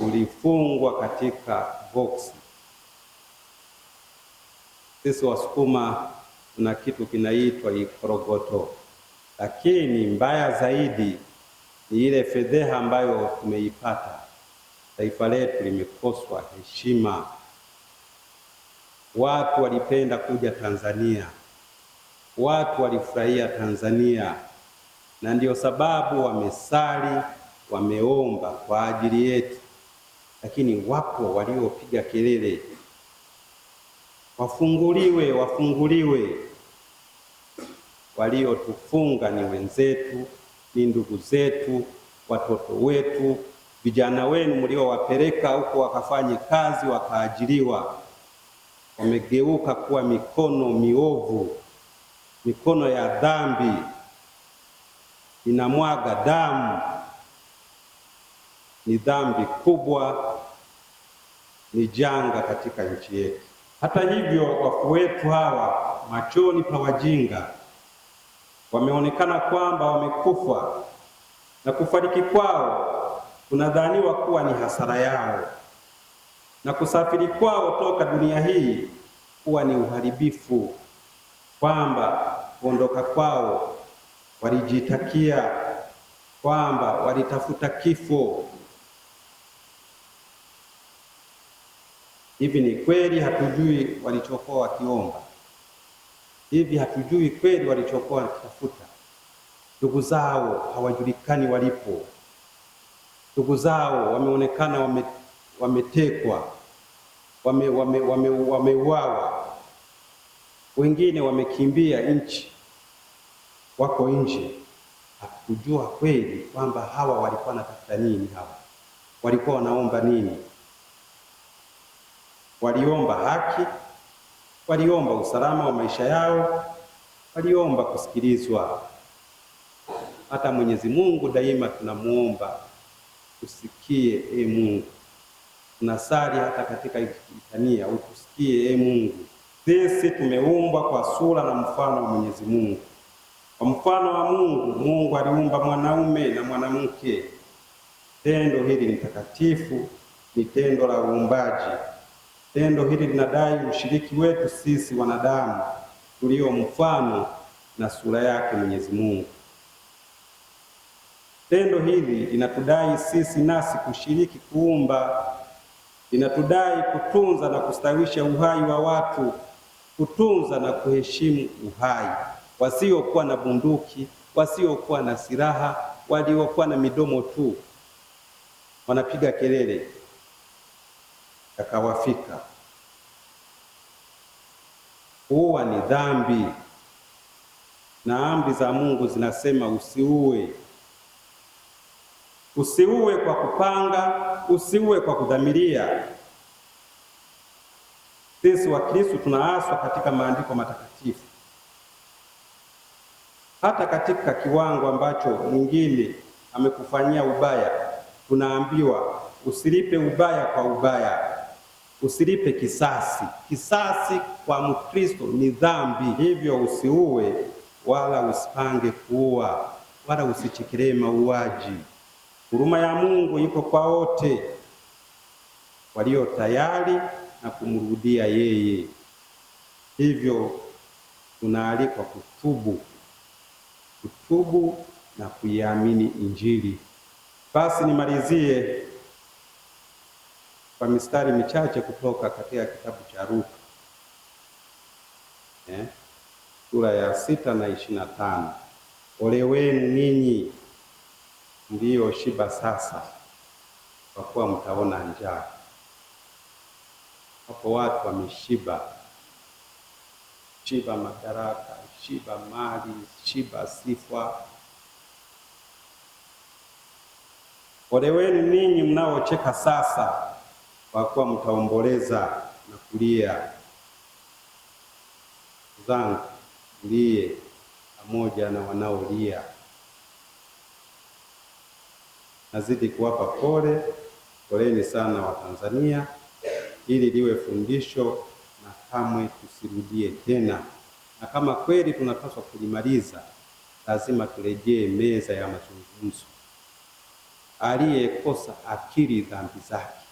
ulifungwa katika boksi. Sisi Wasukuma kuna kitu kinaitwa ikorogoto, lakini mbaya zaidi ni ile fedheha ambayo tumeipata. Taifa letu limekoswa heshima. Watu walipenda kuja Tanzania, watu walifurahia Tanzania, na ndiyo sababu wamesali, wameomba kwa ajili yetu lakini wapo waliopiga kelele, wafunguliwe, wafunguliwe. Waliotufunga ni wenzetu, ni ndugu zetu, watoto wetu, vijana wenu mliowapeleka huko wakafanye kazi wakaajiriwa, wamegeuka kuwa mikono miovu, mikono ya dhambi inamwaga damu. Ni dhambi kubwa ni janga katika nchi yetu. Hata hivyo, wafu wetu hawa machoni pa wajinga wameonekana kwamba wamekufa na kufariki kwao kunadhaniwa kuwa ni hasara yao na kusafiri kwao toka dunia hii kuwa ni uharibifu, kwamba kuondoka kwao walijitakia, kwamba walitafuta kifo Hivi ni kweli hatujui walichokuwa wakiomba? Hivi hatujui kweli walichokuwa wakitafuta? Ndugu zao hawajulikani walipo, ndugu zao wameonekana wame, wametekwa, wameuawa, wame, wame, wame wengine wamekimbia nchi, wako nje. Hakujua kweli kwamba hawa walikuwa wanatafuta nini, hawa walikuwa wanaomba nini. Waliomba haki, waliomba usalama wa maisha yao, waliomba kusikilizwa. Hata Mwenyezi Mungu daima tunamuomba, tusikie e Mungu. Tunasali hata katika itania, utusikie e Mungu. Sisi tumeumbwa kwa sura na mfano wa Mwenyezi Mungu. Kwa mfano wa Mungu, Mungu aliumba mwanaume na mwanamke. Tendo hili ni takatifu, ni tendo la uumbaji. Tendo hili linadai ushiriki wetu sisi wanadamu tulio mfano na sura yake Mwenyezi Mungu. Tendo hili linatudai sisi nasi kushiriki kuumba, linatudai kutunza na kustawisha uhai wa watu, kutunza na kuheshimu uhai, wasiokuwa na bunduki, wasiokuwa na silaha, waliokuwa na midomo tu wanapiga kelele yakawafika. Kuua ni dhambi na amri za Mungu zinasema usiue. Usiue kwa kupanga, usiue kwa kudhamiria. Sisi wa Kristo tunaaswa katika maandiko matakatifu, hata katika kiwango ambacho mwingine amekufanyia ubaya, tunaambiwa usilipe ubaya kwa ubaya. Usilipe kisasi. Kisasi kwa Mkristo ni dhambi, hivyo usiue wala usipange kuua wala usichekelee mauaji. Huruma ya Mungu iko kwa wote walio tayari na kumrudia yeye, hivyo tunaalikwa kutubu, kutubu na kuiamini Injili. Basi nimalizie kwa mistari michache kutoka katika kitabu cha ruka eh, sura ya sita na ishirini na tano ole wenu ninyi shiba sasa, kwa kuwa mtaona njaa. Hapo watu wameshiba, shiba madaraka, shiba mali, shiba sifa. Ole wenu ninyi mnaocheka sasa kwa kuwa mtaomboleza na kulia. Zangu mlie pamoja na wanaolia. Nazidi kuwapa pole, poleni sana Watanzania, ili liwe fundisho na kamwe tusirudie tena, na kama kweli tunapaswa kulimaliza, lazima turejee meza ya mazungumzo. Aliyekosa akili dhambi zake